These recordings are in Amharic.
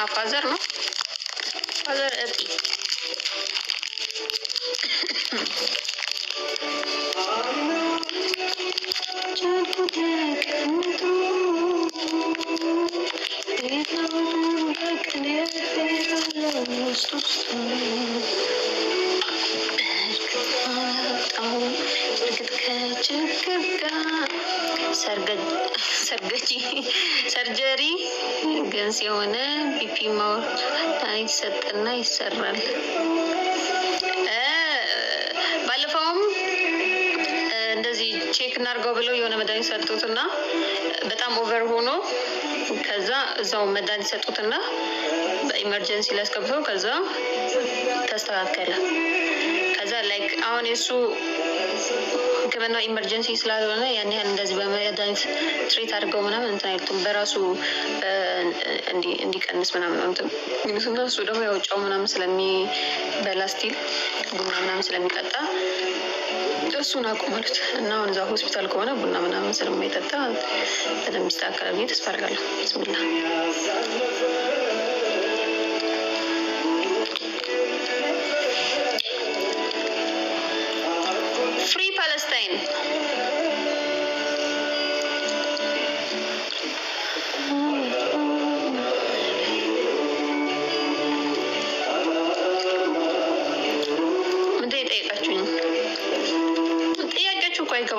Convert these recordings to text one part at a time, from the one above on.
Ah, Fazer, ¿no? Fazer Epi. Thank you. ይሰጥና ይሰራል። ባለፈውም እንደዚህ ቼክ እናድርገው ብለው የሆነ መድኃኒት ሰጡትና በጣም ኦቨር ሆኖ ከዛ እዛው መድኃኒት ሰጡትና በኢመርጀንሲ ላይ ከዛ ተስተካከለ። ላይክ አሁን የሱ ህክምና ኢመርጀንሲ ስላልሆነ ያን ያህል እንደዚህ በመድኃኒት ትሬት አድርገው ምናምን እንትን አይልቱም በራሱ እንዲቀንስ ምናምን ምትም ግንስና እሱ ደግሞ ያውጫው ምናምን ስለሚበላ ስቲል ቡና ምናምን ስለሚጠጣ እሱን አቁማሉት እና አሁን እዛ ሆስፒታል ከሆነ ቡና ምናምን ስለማይጠጣ በደንብ ይስተካከላል ብዬ ተስፋ አድርጋለሁ። ብስሚላ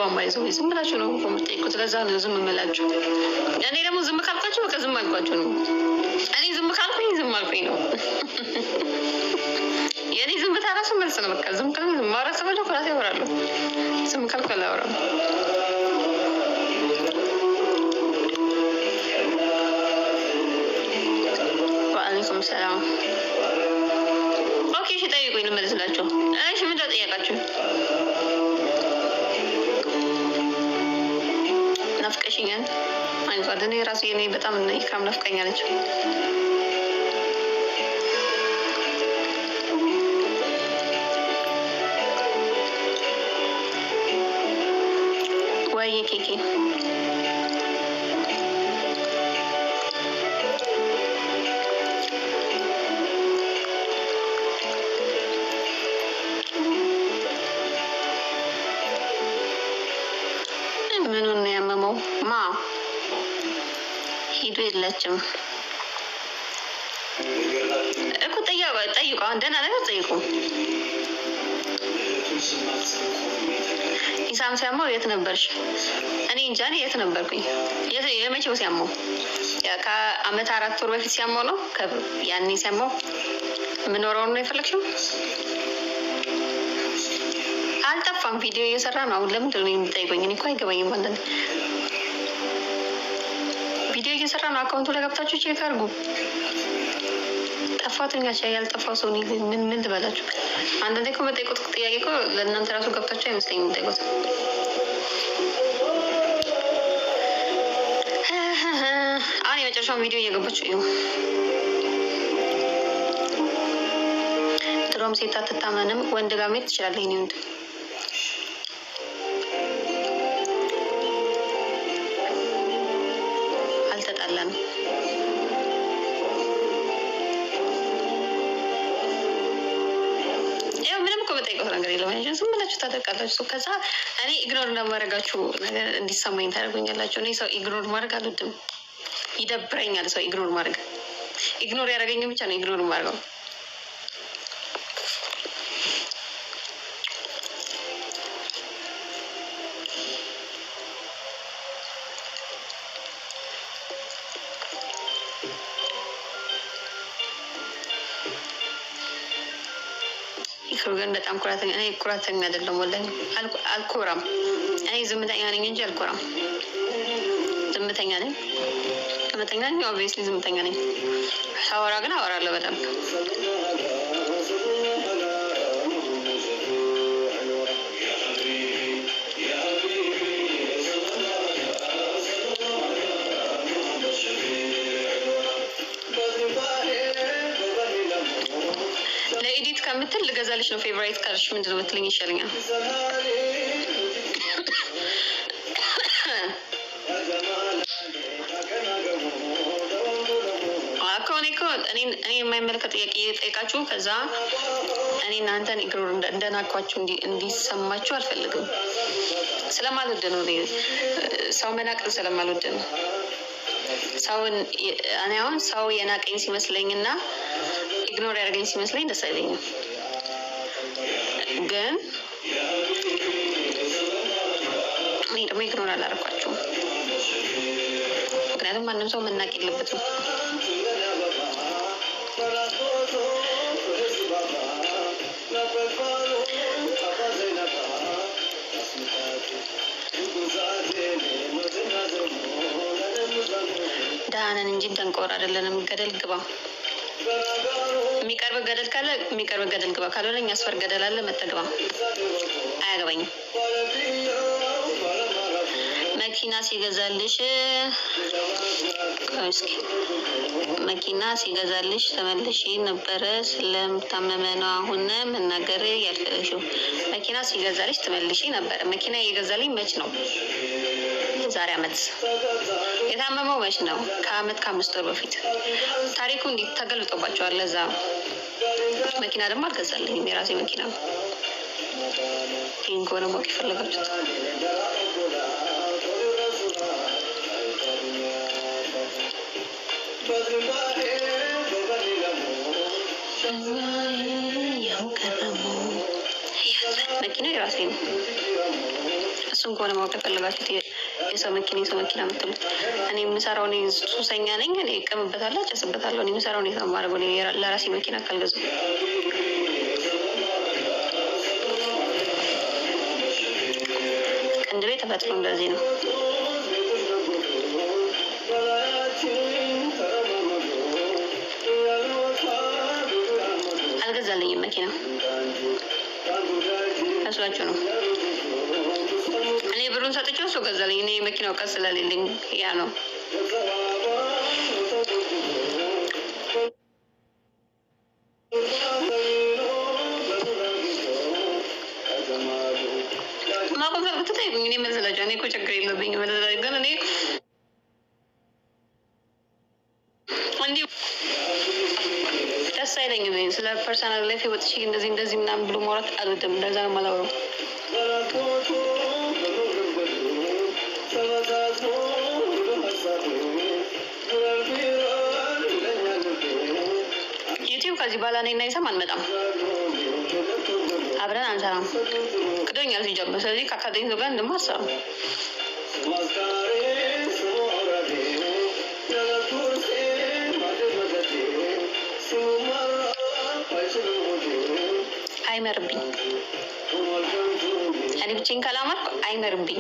አልገባም። ባይዘው ዝም ብላችሁ ነው የምጠይቁት። ለዛ ነው ዝም እምላችሁ። እኔ ደግሞ ዝም ካልኳችሁ በቃ ዝም አልኳችሁ ነው። እኔ ዝም ካልኩኝ ዝም አልኩኝ ነው። የእኔ ዝምታ ራሱ መልስ ነው። በቃ ዝም ካል ማውራት ስፈልግ ኩራት ያወራለሁ። ዝም ካልኩ አላወራም። ዋአለይኩም ሰላም። ኦኬ፣ እሺ ጠይቁኝ ልመልስላቸው። እሺ ምንድን ነው ጠየቃችሁ? እኔ ራሱ የኔ በጣም ኢካም ነች። ወይ ኬኬ ችግር የላቸው እኮ ጠይቁ። አሁን ደህና ነገር ጠይቁ። ኢሳም ሲያማው የት ነበርሽ? እኔ እንጃ እኔ የት ነበርኩኝ? የመቼው ሲያማው? ከአመት አራት ወር በፊት ሲያማው ነው። ያኔ ሲያማው የምኖረውን ነው የፈለግሽው? አልጠፋም። ቪዲዮ እየሰራ ነው። አሁን ለምንድን ነው የሚጠይቁኝ? እኔ እኮ አይገባኝም። ቪዲዮ እየሰራ ነው። አካውንቱ ላይ ገብታችሁ ቼክ አድርጉ። ጠፋተኛ ያልጠፋው ሰው ምን ምን ትበላችሁ? አንዳንዴ እኮ መጠየቁት ጥያቄ እኮ ለእናንተ ራሱ ገብታችሁ አይመስለኝ የምጠይቁት አሁን የመጨረሻውን ቪዲዮ እየገባችሁ እዩ። ድሮም ሴት አትታመንም፣ ወንድ ጋር መሄድ ትችላለህ። ይኔ ወንድ ያደረገው ነገር የለም ዝም ብላችሁ ታደርጋላችሁ። ከዛ እኔ ኢግኖር እንደማደርጋችሁ ነገር እንዲሰማኝ ታደርጉኛላችሁ። እኔ ሰው ኢግኖር ማድረግ አልወድም፣ ይደብረኛል። ሰው ኢግኖር ማድረግ ኢግኖር ያደረገኝ ብቻ ነው ኢግኖር ማድረገው ናቸው። ግን በጣም ኩራተኛ እኔ ኩራተኛ አይደለም ወላሂ አልኮራም። እኔ ዝምተኛ ነኝ እንጂ አልኮራም። ዝምተኛ ነኝ ዝምተኛ ነኝ ኦብቪየስሊ ዝምተኛ ነኝ። ሳወራ ግን አወራለሁ በደንብ ከምትል ልገዛልሽ ነው። ፌቨሬት ካልሽ ምንድን ነው የምትለኝ? ይሻለኛል። ከሆነ እኔ የማይመለከት ጥያቄ እየጠየቃችሁ ከዛ እኔ እናንተን እግሮ እንደናኳችሁ እንዲሰማችሁ አልፈልግም። ስለማልወድ ነው፣ ሰው መናቅን ስለማልወድ ነው። ሰውን እኔ አሁን ሰው የናቀኝ ሲመስለኝ እና ኢግኖር ያደርገኝ ሲመስለኝ ደስ አይለኝም። ግን እኔ ደግሞ ኢግኖር አላደረኳቸውም። ምክንያቱም ማንም ሰው መናቅ የለበትም። ደህና ነን እንጂ ደንቆር አይደለንም። ገደል ግባ የሚቀርብ ገደል ካለ የሚቀርብ ገደል ግባ፣ ካልሆነ እኛ ስፈር ገደል አለ መጠግባ አያገባኝም። መኪና ሲገዛልሽ መኪና ሲገዛልሽ ተመልሽ ነበረ ስለምታመመ ነው አሁን መናገር ያልፈለሽው። መኪና ሲገዛልሽ ተመልሽ ነበረ። መኪና እየገዛልኝ መች ነው? ግን ዛሬ አመት፣ የታመመው መች ነው? ከአመት ከአምስት ወር በፊት። ታሪኩ እንዲህ ተገልብጦባቸዋል። ለዛ መኪና ደግሞ አልገዛልኝም፣ የራሴ መኪና ነው። ይህን ከሆነ ማወቅ የፈለጋችሁት መኪና የራሴ ነው። እሱን ከሆነ ማወቅ የፈለጋችሁት የሰው መኪና የሰው መኪና የምትሉት እኔ የምሰራው እኔ ሱሰኛ ነኝ። እኔ እቀምበታለሁ፣ አጨስበታለሁ። እኔ የምሰራው እኔ ማድረግ ለራሴ መኪና ካልገዙ ቅንድቤ ተፈጥሮ እንደዚህ ነው። አልገዛልኝም መኪና መስሏቸው ነው እኔ ብሩን ሰጥቼው እሱ ገዛልኝ። እኔ የመኪናው ቀስ ስለሌለኝ ያ ነው። እኔ የለብኝ ደስ ፐርሰናል ላይፍ ወጥቼ እንደዚህ እንደዚህ ምናምን ብሎ ማውራት አልወድም። እንደዛ ነው የማላወራው። በኋላ እኔና ኢሳም አንመጣም፣ አብረን አንሰራም። ክዶኛል ሲጀምር። ስለዚህ ከአካዳሚ ጋር እንድማ አሰራም አይመርብኝ እኔ ብቻዬን ካላመርኩ አይመርብኝ።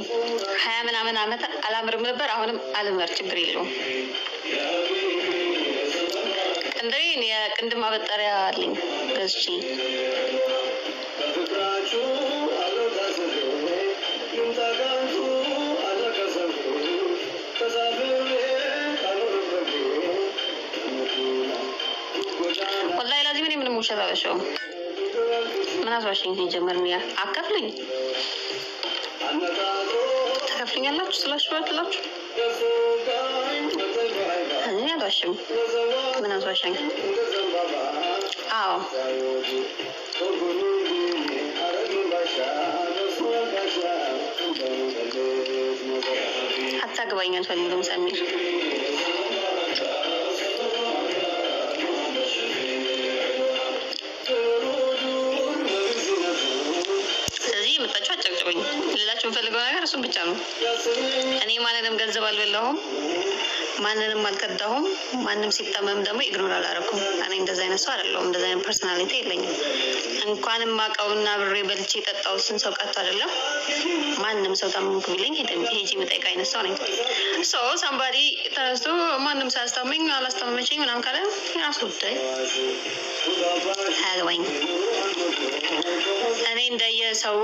ሀያ ምናምን አመት አላምርም ነበር። አሁንም አልመር፣ ችግር የለውም። እንደ የቅንድ ማበጠሪያ አለኝ ገዝቼ ወላሂ ላዚህ ምን ምንም ውሸት አበሸውም። ምን አስባሽኝ ጀመር ሚያ አከፍልኝ ተከፍልኛላችሁ ስላሽ ባትላችሁ እኔ አልዋሽም። ምን አትዋሸኝ? አዎ አታግባኝ አልፈልግም ሰሚር የምፈልገው ነገር እሱን ብቻ ነው። እኔ ማንንም ገንዘብ አልበላሁም፣ ማንንም አልከዳሁም፣ ማንም ሲጠመም ደግሞ ኢግኖር አላረኩም። እኔ እንደዚ አይነት ሰው አይደለሁም። እንደዚ አይነት ፐርሶናሊቲ የለኝም። እንኳንም አቀውና ብሬ በልቼ የጠጣው ስን ሰው ቀርቶ አይደለም። ማንም ሰው ታመምኩ ቢለኝ ሄጂ የምጠይቅ አይነት ሰው ነኝ። ሶ ሳምባዲ ተነስቶ ማንም ሳያስታመኝ አላስታመመችኝ ምናምን ካለ ራሱ ጉዳይ አያገባኝም። እኔ እንደየሰው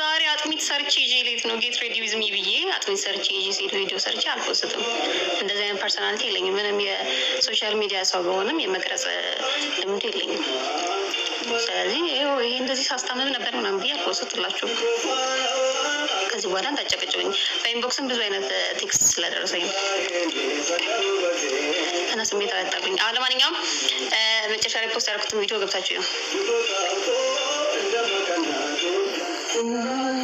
ዛሬ አጥሚት ሰርቼ ይዤ ሌት ነው ጌት ሬዲ ዊዝ ሚ ብዬ አጥሚት ሰርቼ ይዤ ሴት ቪዲዮ ሰርቼ አልፖስትም። እንደዚህ አይነት ፐርሶናሊቲ የለኝም። ምንም የሶሻል ሚዲያ ሰው በሆንም የመቅረጽ ልምድ የለኝም። ስለዚህ ይሄ እንደዚህ ሳስታምም ነበር ምናምን ብዬ አልፖስትላችሁም። ከዚህ በኋላ እንዳጨቀጭበኝ በኢንቦክስም ብዙ አይነት ቴክስት ስለደረሰኝ እና ስሜት አያጣብኝ። አሁን ለማንኛውም መጨረሻ ላይ ፖስት ያደረኩትን ቪዲዮ ገብታችሁ ነው።